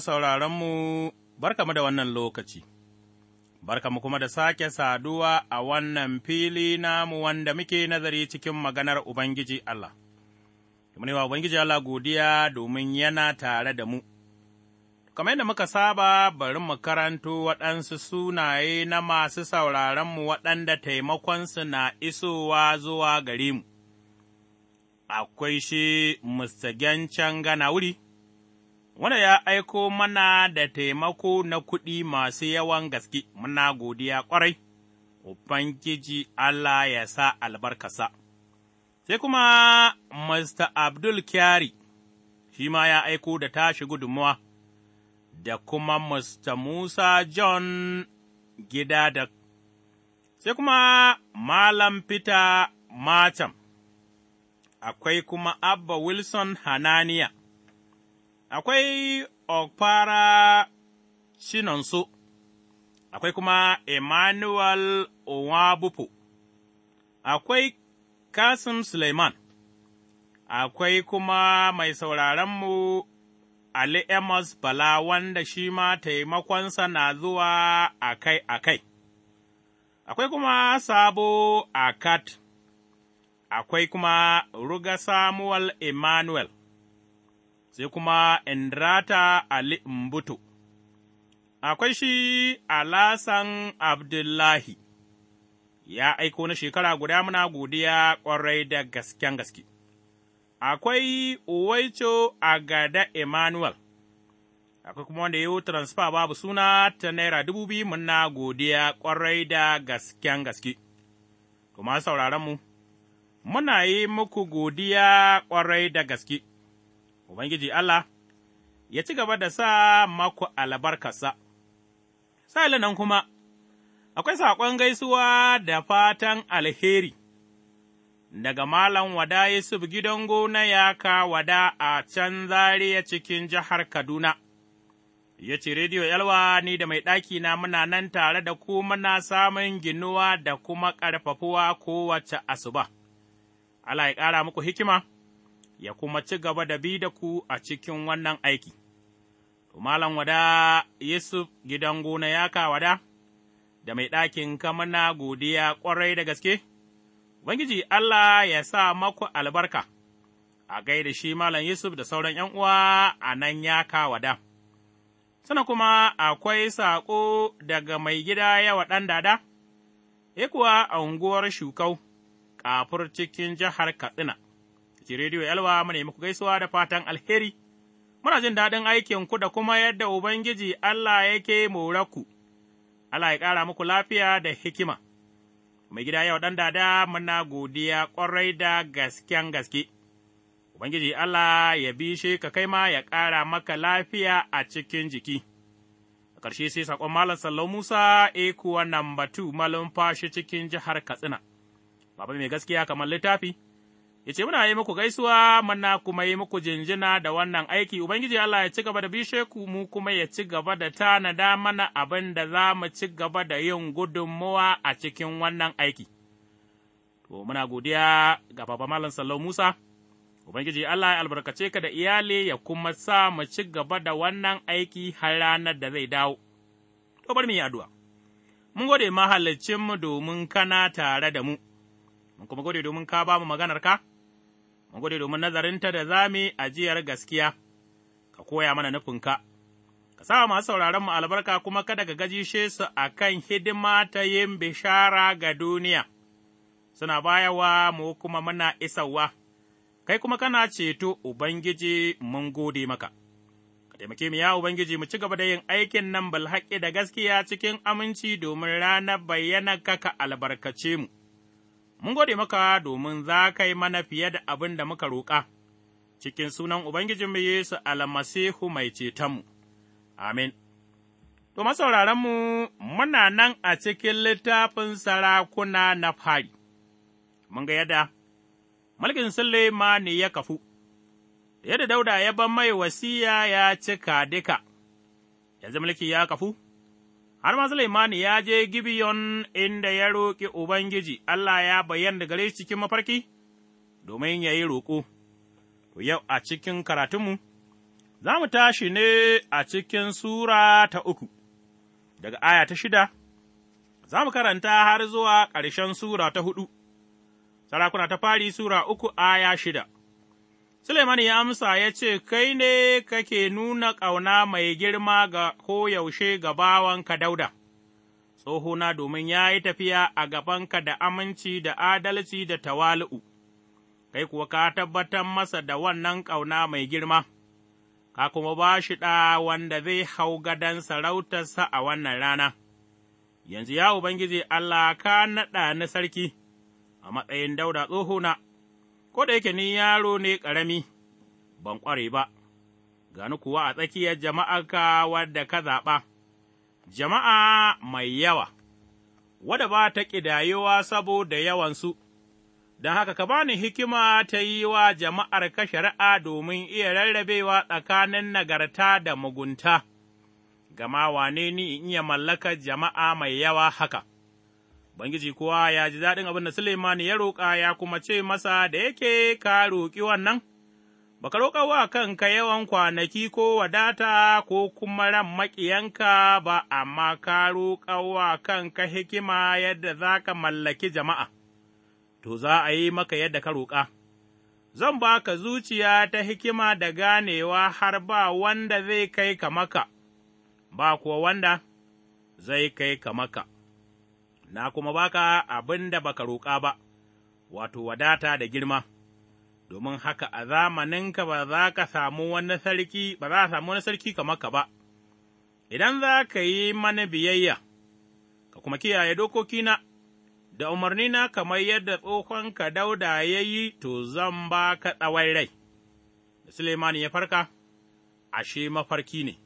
sauraronmu sauraronmu, barkamu da wannan lokaci, barkamu kuma da sake saduwa a wannan fili namu wanda muke nazari cikin maganar Ubangiji Allah. ne wa Ubangiji Allah godiya domin yana tare da mu. Kamar yadda muka saba, bari mu karanto waɗansu sunaye na masu sauraronmu waɗanda taimakonsu na isowa zuwa gare mu. Akwai shi Mr. Gencan Gana wuri. wanda ya aiko mana da taimako na kuɗi masu yawan gaske, muna godiya ƙwarai, Ubangiji Allah ya sa albarkasa. Sai kuma Mr. Abdul Kyari, shi ma ya aiko da tashi gudunmuwa, da kuma Mr. Musa John gida da sai kuma Malam Peter Macham, akwai kuma Abba Wilson Hananiya. akwai Okpara Shinonso, akwai kuma Emmanuel onwabupu akwai Kasim Suleiman, akwai kuma mai saurarenmu Ali Amos Bala wanda shi ma taimakonsa na zuwa akai-akai, akwai kuma Sabo Akat, akwai kuma Ruga Samuel Emmanuel. sai kuma Endrata Ali Mbuto, akwai shi Alasan Abdullahi, ya aiko na shekara guda muna godiya ƙwarai da gasken gaske. Akwai Uwaicho Agada Emmanuel, akwai kuma wanda yau transfer babu suna ta Naira dubu biyu muna godiya ƙwarai da gasken gaske. Kuma sauraron mu muna yi muku godiya ƙwarai da gaske. Ubangiji Allah ya ci gaba da sa maku albarkarsa. Sa'ilin nan kuma, akwai saƙon gaisuwa da fatan alheri daga Malam Wada Yusuf gidan gona ya ka wada a can zariya cikin jihar Kaduna. Ya ce, Rediyo Yalwa ni da mai ɗaki na muna nan tare da ku muna samun ginuwa da kuma ƙarfafuwa kowace asuba. Allah ya ƙara muku hikima, ya kuma ci gaba da bi da ku a cikin wannan aiki. Malam wada Yusuf gidan gona ya kawada, da mai ɗakin kamana godiya ƙwarai da gaske, Ubangiji Allah ya sa maku albarka, a gaida shi Malam Yusuf da sauran ’yan uwa a nan ya kawada. Sana kuma akwai saƙo daga mai gida yawa ɗan dada, e kuwa a unguwar Shukau, kafur cikin jihar Katsina. ce rediyo yalwa mu nemi ku gaisuwa da fatan alheri. Muna jin daɗin aikin ku da kuma yadda Ubangiji Allah yake more ku. Allah ya ƙara muku lafiya da hikima. Mai gida yau ɗan dada muna godiya ƙwarai da gasken gaske. Ubangiji Allah ya bishe ka kai ma ya ƙara maka lafiya a cikin jiki. A ƙarshe sai saƙon Malam Sallau Musa Ekuwa Namba 2 Malumfashi cikin jihar Katsina. Baba mai gaskiya kamar littafi. ya ce, Muna yi muku gaisuwa, muna kuma yi muku jinjina da wannan aiki, Ubangiji Allah ya ci gaba da bishe ku mu kuma ya ci gaba da tanada mana abin da za mu ci gaba da yin gudunmuwa a cikin wannan aiki. To, muna godiya ga Baba Malam Sallau Musa, Ubangiji Allah ya albarkace ka da iyali ya kuma sa mu ci gaba da wannan aiki har ranar da zai dawo. To, bari mu yi addu'a. Mun gode mahalicinmu domin kana tare da mu, mun kuma gode domin ka ba mu maganar ka. mu gode domin nazarinta da za mu ajiyar gaskiya, ka koya mana nufinka, ka sa masu sauraron mu albarka kuma kada ka gajishe su a kan hidima ta yin bishara ga duniya, suna bayawa mu kuma muna isarwa, kai kuma kana ceto Ubangiji mun gode maka. taimake mu ya Ubangiji mu ci gaba da yin aikin nan balhaƙi da gaskiya cikin aminci domin ranar bayyana ka ka albarkace mu. mun gode maka domin za ka yi mana fiye da abin da muka roƙa, cikin sunan Ubangijinmu Yesu almasihu mai cetonmu. Amin. To, masauraranmu, muna nan a cikin littafin sarakuna na fari, mun ga yadda, mulkin sulema ne ya kafu, yadda Dauda ya ban mai wasiya ya cika duka, yanzu mulki ya kafu. har ma Suleimani ya je Gibeon inda ya roƙi Ubangiji, Allah ya bayyana gare shi cikin mafarki, domin ya yi roƙo. To, yau a cikin karatunmu, za mu tashi ne a cikin Sura ta uku, daga aya ta shida, za mu karanta har zuwa ƙarshen Sura ta hudu, sarakuna ta fari Sura uku aya shida. Suleiman ya amsa ya ce, Kai ne kake nuna ƙauna mai girma ga koyaushe ga bawanka dauda, tsohona domin ya yi tafiya a gabanka da aminci da adalci da tawali'u, kai kuwa ka tabbatar masa da wannan ƙauna mai girma, ka kuma ba shi ɗa wanda zai hau gadon sarautarsa a wannan rana. Yanzu ya Ubangiji Allah ka naɗa na sarki a matsayin dauda tsohona. ko da yake ni yaro ne ƙarami, ban ƙware ba, gani kuwa a tsakiyar jama'a ka wadda ka zaɓa, jama'a mai yawa, wadda ba ta ƙidayewa saboda yawansu, don haka ka bani hikima ta yi wa jama'ar ka shari'a domin iya rarrabewa tsakanin nagarta da mugunta, gama wane ni in iya mallakar jama'a mai yawa haka. Ubangiji kuwa ya ji daɗin abin da Suleiman ya roƙa ya kuma ce masa da yake ka roƙi wannan, ba ka roƙa wa kanka yawan kwanaki ko wadata ko kuma ran maƙiyanka ba, amma ka roƙa wa kanka hikima yadda za ka mallaki jama'a, to za a yi maka yadda ka roƙa. Zan ba ka zuciya ta hikima da ganewa har ba wanda zai kai ka maka, ba kuwa wanda zai kai ka maka. na kuma baka abin da baka roƙa ba, wato wadata da girma, domin haka a zamaninka ba za ka samu wani sarki, ba za samu wani sarki kamar ka ba, idan za ka yi mana biyayya, ka kuma kiyaye dokokina da umarnina kamar yadda tsohonka dauda ya yi, to zan ba ka tsawon rai. Da Suleiman ya farka, ashe mafarki ne,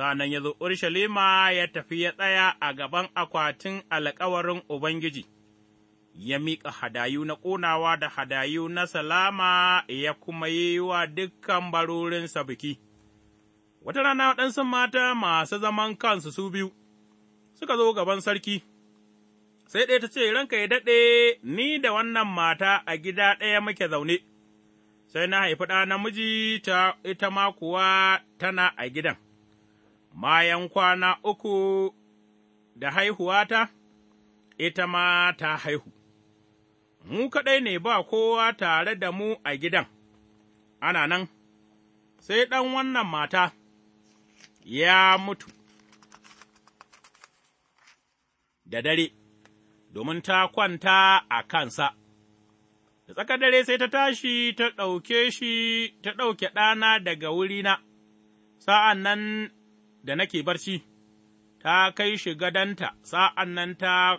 sa'an ya zo Urushalima ya tafi ya tsaya a gaban akwatin alkawarin Ubangiji, ya miƙa hadayu na ƙonawa da hadayu na salama ya kuma yi wa dukkan barorinsa biki. Wata rana waɗansu mata masu zaman kansu su biyu suka zo gaban sarki, sai ɗaya ta ce, Ranka ya daɗe, ni da wannan mata a gida ɗaya muke zaune, sai na haifi ɗa namiji ta ita ma kuwa tana a gidan. bayan kwana uku da haihuwata, ita ma ta haihu, mu kaɗai ne ba kowa tare da mu a gidan, ana nan, sai ɗan wannan mata ya mutu da dare, domin ta kwanta a kansa. da tsakar dare sai ta tashi ta ɗauke shi ta ɗauke ɗana daga wurina, sa'an nan da nake barci, ta kai shi gadonta, sa'an nan ta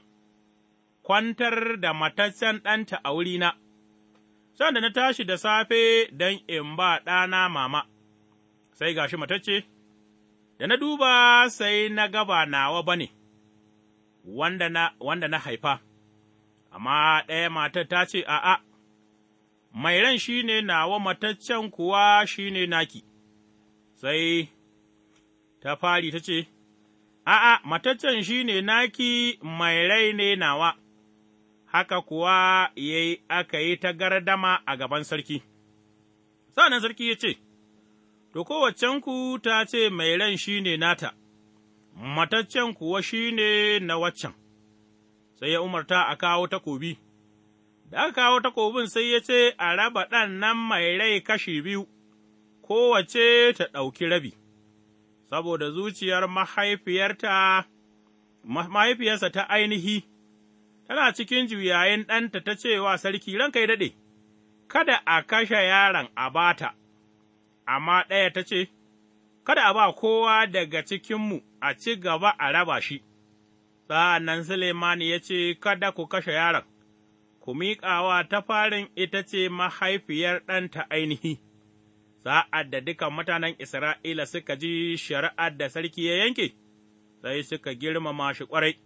kwantar da mataccen ɗanta a wurina, sanda na tashi da safe don in ba ɗana mama, sai gashi matacce, da na duba sai na gaba nawa ba ne, wanda na, wanda na haifa, amma ɗaya matar ta ce, A'a, mai ran shi ne nawa mataccen kuwa shi ne naki, sai ta fari ta ce, A'a, mataccen shi ne naki mai rai ne nawa, haka kuwa ya yi aka yi ta gardama a gaban sarki. Sa'an sarki ya ce, To, kowaccenku ta ce mai ran shi ne nata, mataccen kuwa shi ne na waccan, sai ya umarta a kawo takobi. Da aka kawo takobin sai ya ce a raba ɗan nan mai rai kashi biyu, kowace ta ɗauki rabi. saboda zuciyar mahaifiyarta, mahaifiyarsa ta ainihi, tana cikin juyayin ɗanta ta ce wa sarki ranka yi daɗe, kada a kashe yaron a bata, amma ɗaya ta ce, Kada a ba kowa daga cikinmu a ci gaba a raba shi, sa'an nan Suleimani ya ce, Kada ku kashe yaron, ku miƙawa ta farin ita ce mahaifiyar ɗanta ainihi. sa'ad da dukan mutanen Isra'ila suka ji shari'ar da sarki ya yanke, sai suka girmama shi ƙwarai,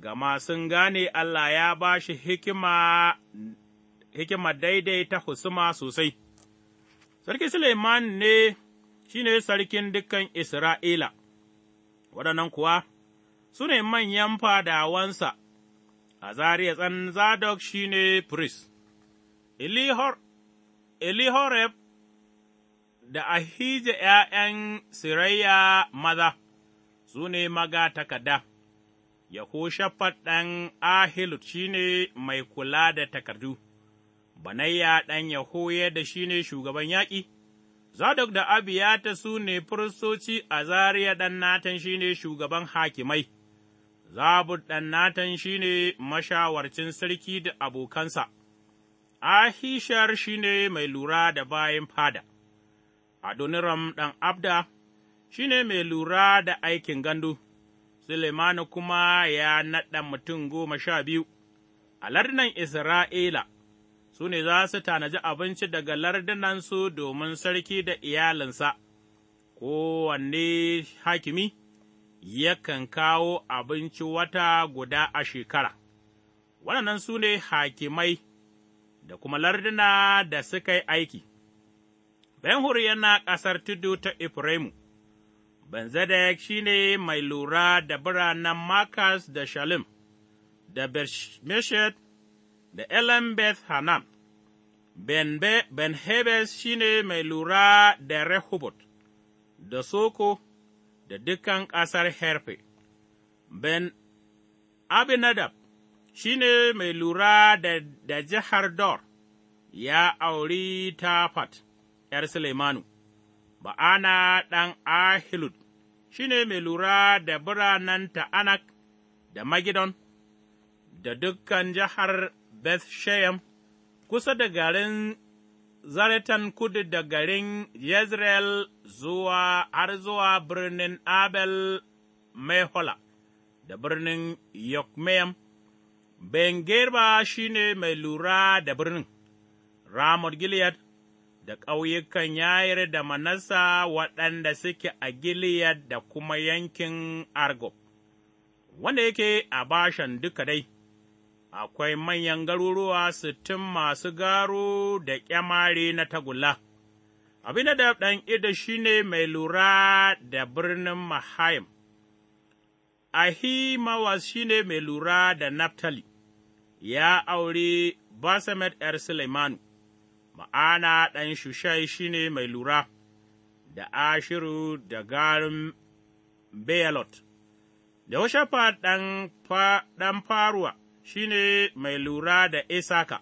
gama sun gane Allah ya ba shi hikima, hikima daidai ta husuma sosai. Sarki Suleiman ne shi ne sarkin dukan Isra'ila, waɗannan kuwa su ne manyan fadawansa, Azariya tsan Zadok shi ne firist, Elihoreb da Ahija ’ya'yan Sirayya maza, su ne maga Ya Yahushafat ɗan Ahilut shi ne mai kula da takardu, Banayya ɗan da shi ne shugaban yaƙi, Zadok da Abiyata su ne a Azariya ɗan Natan shi ne shugaban hakimai, Zabur ɗan Natan shi ne mashawarcin sarki da abokansa, Ahishar shi ne mai lura da bayan fada. Adoniram ɗan Abda shi ne mai lura da aikin gandu, Suleimanu kuma ya naɗa mutum goma sha biyu a lardunan Isra'ila, su ne za su tanaji abinci daga lardunansu domin sarki da iyalinsa, kowanne hakimi yakan kawo abinci wata guda a shekara. Waɗannan su ne hakimai da kuma larduna da suka yi aiki. Ben Hur yana ƙasar tudu ta Efraimu, Benzadak shi ne mai lura da biranen Makas da Shalim, da Bershmeshet da Elam Beth Hanam, Ben, ben Hebes shi ne mai lura da rehubut da Soko, da dukan ƙasar Herfe, Ben Abinadab shi ne mai lura da, da jihar Dor, ya auri Tafat. ’yar Suleimanu, Ba'ana ɗan Ahilud, shi ne mai lura da biranen Ta'anak da Magidon, da dukkan jihar beth Bethshem, kusa da garin Zaretan kudu da garin Yezreel zuwa har zuwa birnin Abel Mehola da birnin Yokmeyam, Ben Gerba shi ne mai lura da birnin, Ramot Gilead da ƙauyukan yayar da manasa waɗanda suke a Gileyad da kuma yankin Argob, wanda yake a bashan duka dai, akwai manyan garuruwa sittin masu garu da ƙyamare na tagulla. da ɗan ido shi ne mai lura da birnin Mahayim, Ahimawas shi ne mai lura da Naftali, ya auri Basamet ’yar Suleimanu. ma'ana ɗan Shushai shi ne mai lura da Ashiru da garin Beyalot, da Washafat ɗan faruwa shi ne mai lura da Isaka,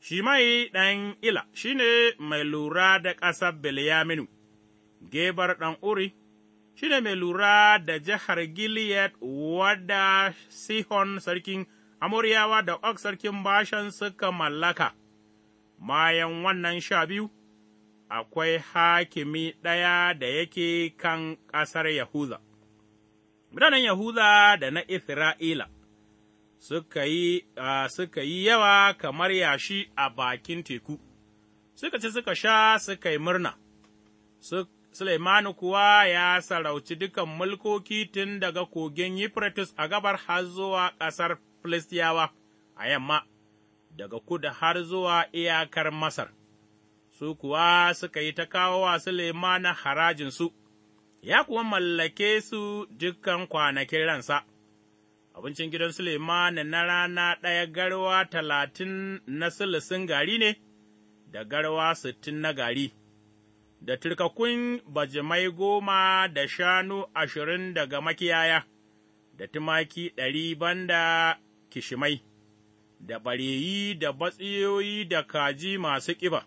Shimai ɗan Ila shi ne mai lura da ƙasar Beliyaminu, Gebar ɗan Uri shi ne mai lura da jihar Gilead wadda Sihon sarkin Amoriyawa da Og sarkin Bashan suka mallaka. bayan wannan sha biyu, akwai hakimi ɗaya da yake kan ƙasar Yahuza. mutanen Yahuza da na Isra'ila suka yi, suka yawa kamar yashi a bakin teku, suka ci suka sha suka yi murna, Suleimanu kuwa ya sarauci dukan mulkoki tun daga kogin Yifratus a gabar har zuwa ƙasar Filistiyawa a yamma. daga kuda har zuwa iyakar Masar, su kuwa suka yi ta kawo wa Suleimana harajinsu, ya kuwa mallake su dukan kwanakin ransa. Abincin gidan Suleimana na rana ɗaya garwa talatin na silisin gari ne, da garwa sittin na gari. da turkakun bajimai goma da shanu ashirin daga makiyaya, da tumaki ɗari banda kishimai, da ɓareyi da batsiyoyi da kaji masu ƙiba.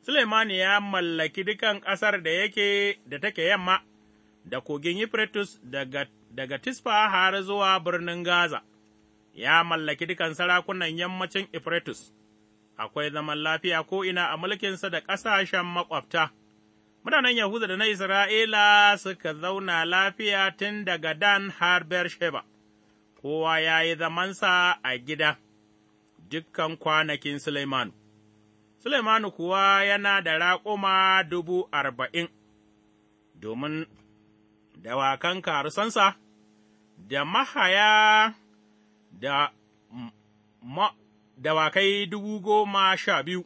Suleimani ya mallaki dukan ƙasar da yake da take yamma, da kogin Yifretus daga, daga Tisfa har zuwa birnin Gaza, ya mallaki dukan sarakunan yammacin Ifretus, akwai zaman lafiya ko'ina a mulkinsa da ƙasashen maƙwabta. Mutanen Yahuda da na Isra'ila suka zauna lafiya tun daga Dan har bersheba kowa ya yi zamansa a gida. dukkan kwanakin Suleimanu, Suleimanu kuwa yana da raƙuma dubu arba'in, domin dawakan karusansa, da mahaya da dawakai dubu goma sha biyu,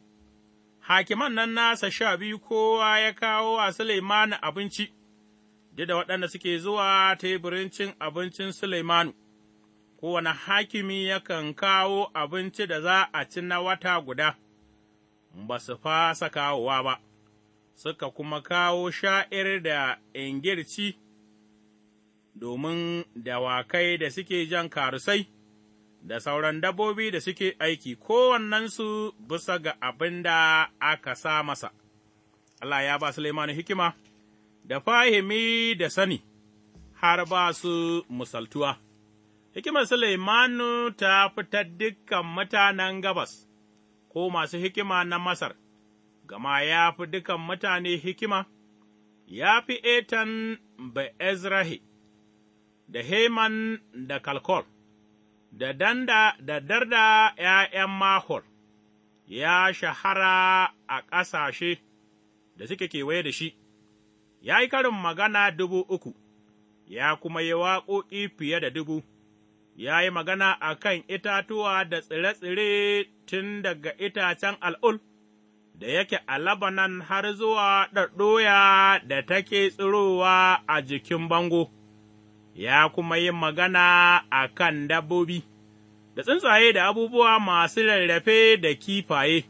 hakiman nan nasa sha biyu kowa ya kawo a Suleimanu abinci, duk da waɗanda suke zuwa teburin cin abincin Suleimanu. kowane hakimi yakan kawo abinci da za a ci na wata guda, ba su fasa kawowa ba, suka kuma kawo sha'ir da ingirci domin dawakai da suke jan karusai. da sauran dabbobi da suke aiki kowannensu bisa ga abin da aka sa masa. Allah ya ba Suleimanu hikima da fahimi da sani, har ba su musaltuwa. hikimar Suleimanu ta fitar dukkan mutanen gabas, ko masu hikima na Masar, gama ya fi dukan mutane hikima, ya fi Etan Be'ezrahi, da Heman da Kalkol, da Danda da Darda ’ya'yan mahol ya shahara a ƙasashe da suke kewaye da shi, ya yi karin magana dubu uku, ya kuma yi waƙoƙi fiye da dubu. ya yi magana a kan itatuwa da tsire-tsire tun daga itacen al'ul, da yake a Labanan har zuwa ɗaɗɗoya da take tsirowa a jikin bango, ya kuma yi magana a kan dabbobi, da tsuntsaye da abubuwa masu rarrafe da kifaye,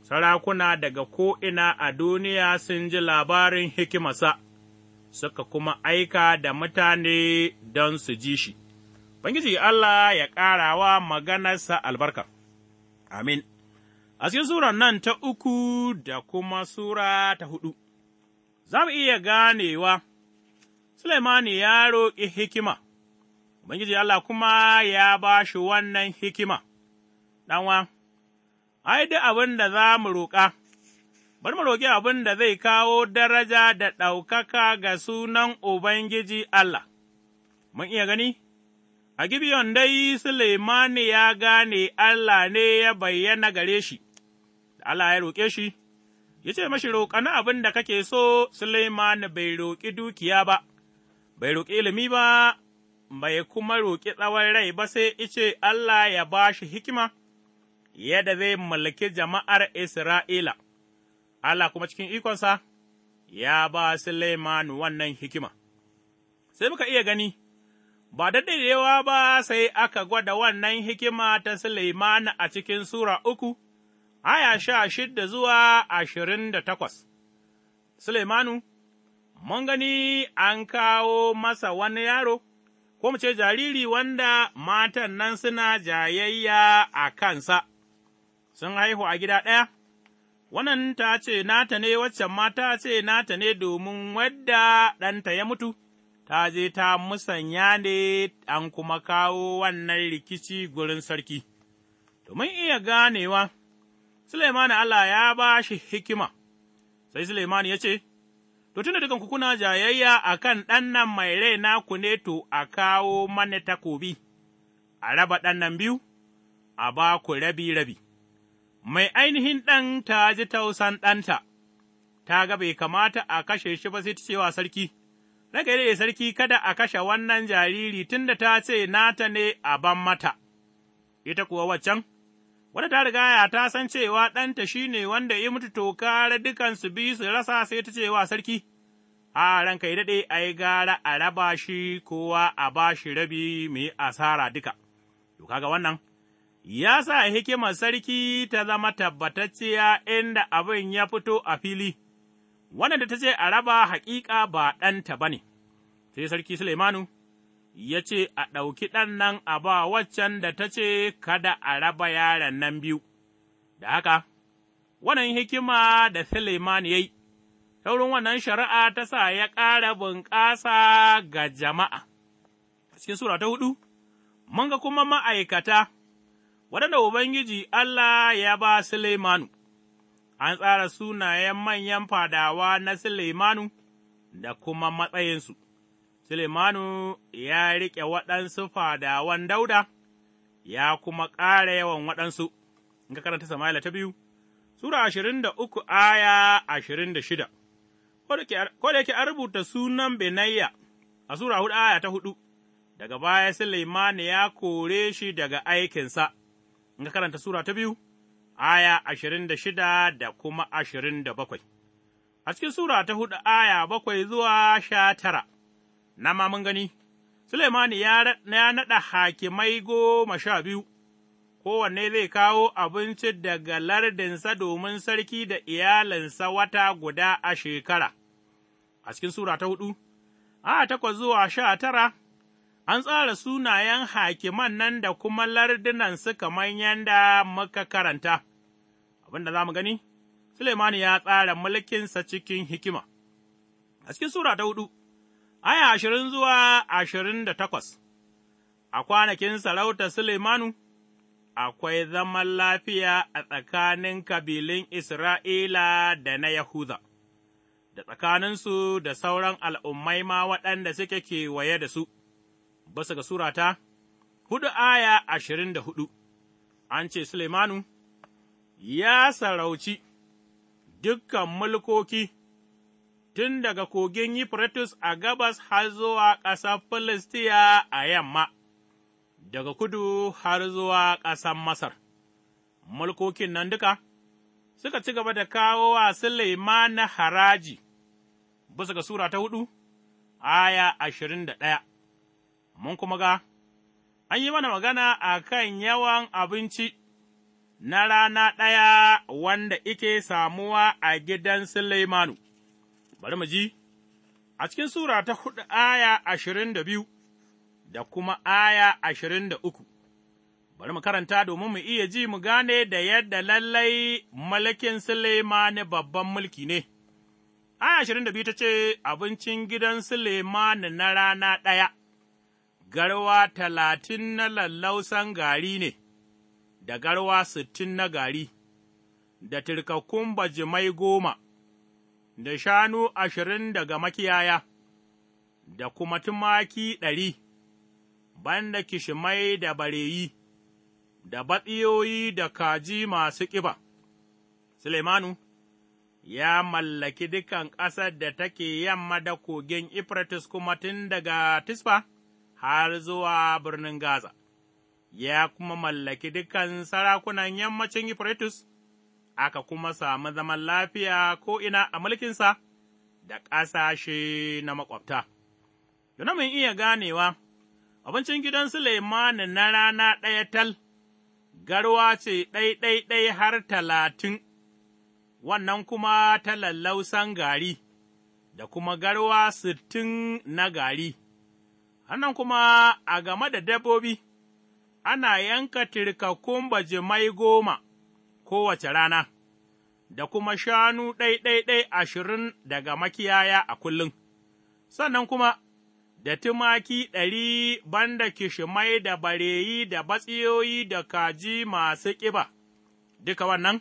sarakuna daga ko'ina a duniya sun ji labarin hikimarsa, suka kuma aika da mutane don su ji shi. Bangiji Allah ya ƙarawa maganarsa albarka, amin. A cikin Sura nan ta uku da kuma Sura ta hudu, za mu iya ganewa, Suleimani ya roƙi hikima, Ubangiji Allah kuma ya ba shi wannan hikima, ɗanwa, ai, duk abin da za mu roƙa, bari mu roƙi abin da zai kawo daraja da ɗaukaka ga sunan Ubangiji Allah, mun iya gani? A Gibeon dai Suleimani ya gane Allah ne ya bayyana gare shi, da Allah ya roƙe shi, ya ce mashi roƙani abin da kake so, Suleimani bai roƙi dukiya ba, bai roƙi ilimi ba, bai kuma roƙi tsawon rai ba sai ice Allah ya ba shi hikima, yadda zai mulki jama'ar Isra'ila, Allah kuma cikin ikonsa ya ba Suleiman wannan hikima. Sai muka iya gani. Ba da daɗewa ba sai aka gwada wannan hikima ta Suleiman a cikin Sura uku, aya sha shidda zuwa ashirin da takwas. Suleimanu, mun gani an kawo masa wani yaro, ko mu ce jariri wanda matan nan suna jayayya a kansa, sun haihu a gida ɗaya. wannan ta ce nata ne waccan mata ce nata ne domin wadda ɗanta ya mutu, ta je ta musanya ne an kuma kawo wannan rikici gurin sarki, domin iya ganewa, Suleiman Allah ya ba shi hikima, sai Suleiman ya ce, To, tunda dukan kuna jayayya a kan ɗan mai rai naku ne to a kawo mana takobi, a raba ɗan nan biyu, a ba ku rabi-rabi. Mai ainihin ɗan ta ji tausan ɗanta, ta ga bai kamata a kashe shi ba sai ta cewa sarki. Ranka yi sarki kada a kashe wannan jariri tun da ta ce nata ne a ban mata, ita kuwa waccan, wadda ta riga ya ta san cewa ɗanta shi ne wanda ya mutu to dukan su bi su rasa sai ta ce wa sarki, a ranka yi daɗe a yi gara a raba shi kowa a ba shi rabi mai asara duka, to kaga wannan. Ya sa hikimar sarki ta zama tabbatacciya inda abin ya fito a fili. wannan da ta ce a raba haƙiƙa ba ɗanta ba ne, sai sarki Suleimanu ya ce a ɗauki ɗan nan a ba waccan da ta ce kada a raba yaran nan biyu, da haka, wannan hikima da Suleimanu ya yi, taurin wannan shari'a ta sa ya ƙara bunƙasa ga jama'a. Cikin Sura ta hudu, mun ga kuma ma'aikata, waɗanda Ubangiji Allah ya ba Suleimanu. an tsara sunayen manyan fadawa na Suleimanu da kuma matsayinsu. Suleimanu ya riƙe waɗansu fadawan Dauda, ya kuma ƙara yawan waɗansu, in ka karanta Sama'ila ta biyu, Sura ashirin da uku aya ashirin da shida, ko da yake an rubuta sunan Benayya a Sura hudu aya ta hudu, daga baya Suleimanu ya kore shi daga aikinsa, in ka karanta Sura ta biyu, aya ashirin da shida da kuma ashirin da bakwai. A cikin Sura ta hudu aya bakwai zuwa sha tara, na ma mun gani, Suleimani ya naɗa hakimai goma sha biyu, kowanne zai kawo abinci daga lardinsa domin sarki da iyalinsa wata guda a shekara. A cikin Sura ta hudu, aya takwas zuwa sha tara, an tsara sunayen hakiman nan da kuma lardunan suka kamar da muka karanta. abin da za mu gani, Suleimani ya tsara mulkinsa cikin hikima. A cikin Sura ta hudu, aya ashirin zuwa ashirin da takwas, a kwanakin sarauta Suleimanu, akwai zaman lafiya a tsakanin kabilun Isra'ila da na Yahuda, da tsakaninsu da sauran al'ummai ma waɗanda suke kewaye da su, Basu ga Surata, hudu aya ashirin da hudu, an ce Suleimanu ya sarauci dukkan mulkoki tun daga kogin Yifratus a gabas har zuwa ƙasar Filistiya a yamma, daga kudu har zuwa ƙasar Masar. Mulkokin nan duka suka ci gaba da kawo wa Suleiman na haraji, bisa ga Sura ta hudu, aya ashirin da ɗaya, mun kuma ga, an yi mana magana a kan yawan abinci. na rana ɗaya wanda ike samuwa a gidan Suleimanu, bari mu ji, a cikin Sura ta hudu aya ashirin da biyu da kuma aya ashirin da uku, bari mu karanta domin mu iya ji mu gane da yadda lallai mulkin Suleimanu babban mulki ne. Aya ashirin da biyu ta ce, Abincin gidan Suleimanu na rana ɗaya, garwa talatin na lallausan gari ne. da garwa sittin na gari, da turkakkun bajimai goma, da shanu ashirin daga makiyaya, da kuma tumaki ɗari, banda kishimai da bareyi, da batsiyoyi da kaji masu ƙiba. Suleimanu ya mallaki dukan ƙasar da take yamma da kogin Ifratis kuma tun daga Tisfa har zuwa birnin Gaza. ya kuma mallaki dukkan sarakunan yammacin Euphrates, aka kuma samu zaman lafiya ko'ina a mulkinsa da ƙasashe na maƙwabta. Yana mun iya ganewa, abincin gidan Suleimani na rana ɗaya tal, garwa ce ɗai-ɗai-ɗai har talatin, wannan kuma ta lallausan gari, da kuma garwa sittin na gari, hannan kuma a game da dabbobi. ana yanka tirkakun bajimai goma kowace rana, da kuma shanu ɗai-ɗai-ɗai ashirin daga makiyaya a kullum, sannan kuma da tumaki ɗari banda kishimai da bareyi da batsiyoyi da kaji masu ƙiba, duka wannan,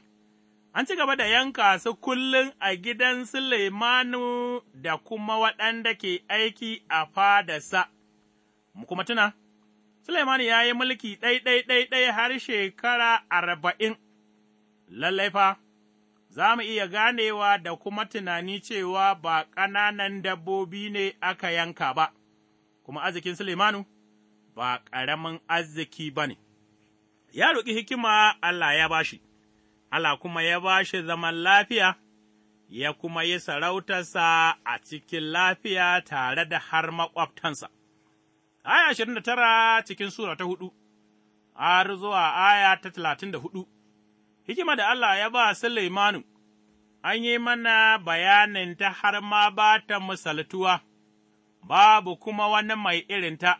an ci gaba da yanka su kullum a gidan Suleimanu da kuma waɗanda ke aiki a fadarsa, mu kuma tuna. Suleiman ya yi mulki ɗai-ɗai-ɗai ɗai har shekara arba'in, lallai fa, za mu iya ganewa da kuma tunani cewa ba ƙananan dabbobi ne aka yanka ba, kuma arzikin Suleimanu ba ƙaramin arziki ba ne. Ya roƙi hikima Allah ya bashi, Allah kuma ya bashi zaman lafiya, ya kuma yi sarautarsa a cikin lafiya tare da har maƙwabtansa. aya ashirin da tara cikin Sura ta hudu, har zuwa aya ta talatin da hudu, hikima da Allah ya ba Suleimanu, an yi mana bayanin ta har ma ba ta misaltuwa, babu kuma wani mai irinta.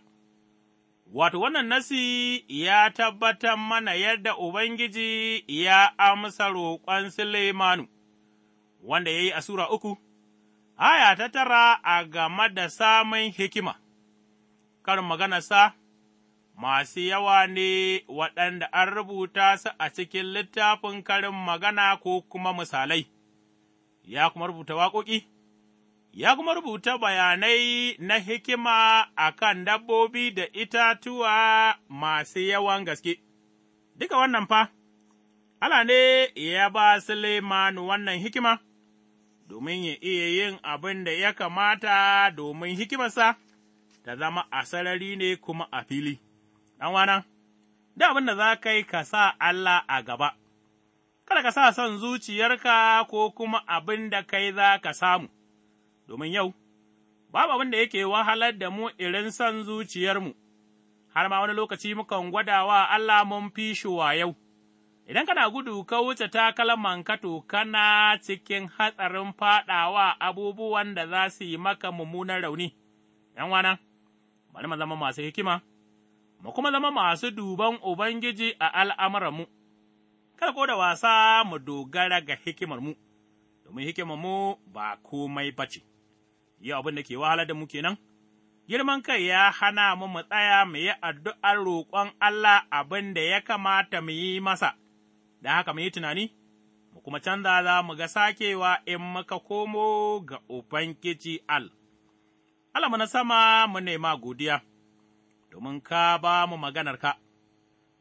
Wato, wannan nasi ya tabbatar mana yadda Ubangiji ya amsa roƙon Suleimanu, wanda ya yi a Sura uku, aya ta tara a game da samun hikima. karin maganarsa, masu yawa ne waɗanda an rubuta su a cikin littafin karin magana ko kuma misalai, ya kuma rubuta waƙoƙi, ya kuma rubuta bayanai na hikima a kan dabbobi da itatuwa masu yawan gaske. Duka wannan fa, Allah ne ya ba Suleiman wannan hikima, domin ya iya yin abin da ya kamata domin hikimarsa. ta zama a sarari ne kuma a fili. wana da abin da za ka yi ka sa Allah a gaba, kada ka sa son zuciyarka ko kuma abin da kai za ka samu, domin yau, babu abin da yake wahalar da mu irin son zuciyarmu, har ma wani lokaci mukan gwada wa Allah mun fi shuwa yau. Idan kana gudu ka wuce takalman ka to kana cikin hatsarin faɗawa abubuwan da za su yi maka mummunan rauni, ’yan wana. bari mu zama masu hikima, mu kuma zama masu duban Ubangiji a al'amuranmu, kar ko da wasa mu dogara ga hikimarmu, domin hikimarmu ba komai ba ce, yi abin da ke wahala da mu kenan. Girman kai ya hana mu mu tsaya mu yi addu'ar roƙon Allah abin da ya kamata mu yi masa, da haka mu yi tunani, mu kuma canza za mu ga sakewa in muka komo ga Ubangiji Allah. Alamu na sama mu nema godiya, domin ka ba mu maganarka,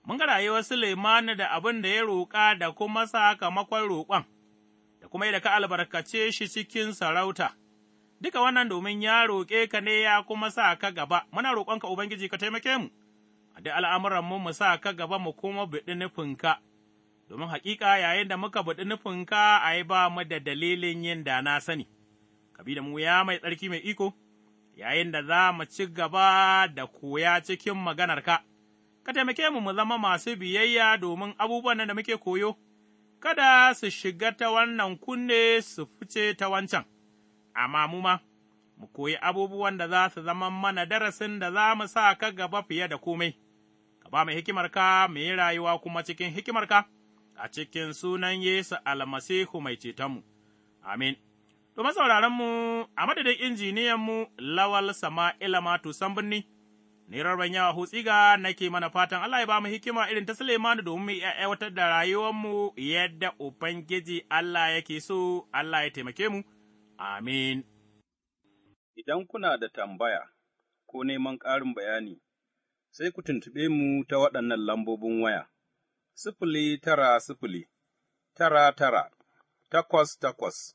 mun ga wasu Suleimani da abin da ya roƙa da kuma sakamakon roƙon, da kuma yadda ka albarkace shi cikin sarauta, duka wannan domin ya roƙe ka ne ya kuma sa ka gaba, muna roƙonka Ubangiji ka taimake mu, a duk al'amuranmu mu sa ka gaba mu kuma biɗi nufinka. domin haƙiƙa yayin da muka biɗi nufinka a yi ba mu da dalilin yin da na sani, ka bi da mu ya mai tsarki mai iko, yayin da za mu ci gaba da koya cikin maganarka, ka taimake mu mu zama masu biyayya domin abubuwan da muke koyo, kada su shiga ta wannan kunne su fice ta wancan, amma mu ma, mu koyi abubuwan da za su zama mana darasin da za mu sa ka gaba fiye da komai, ka ba mu hikimarka mu yi rayuwa kuma cikin hikimarka, a cikin sunan Yesu almasihu mai cetonmu. Amin. To, masauraranmu a madadin injiniyan mu Lawal Sama'ila Mato Sambunni, ni rarban yawa ga nake mana fatan Allah ya ba mu hikima irin ta Suleimanu domin mu iya aiwatar da rayuwarmu yadda Ubangiji Allah yake so, Allah ya taimake mu. Amin. Idan kuna da tambaya ko neman ƙarin bayani, sai ku tuntuɓe mu ta waɗannan lambobin waya, sifili tara sifili, tara tara, takwas takwas.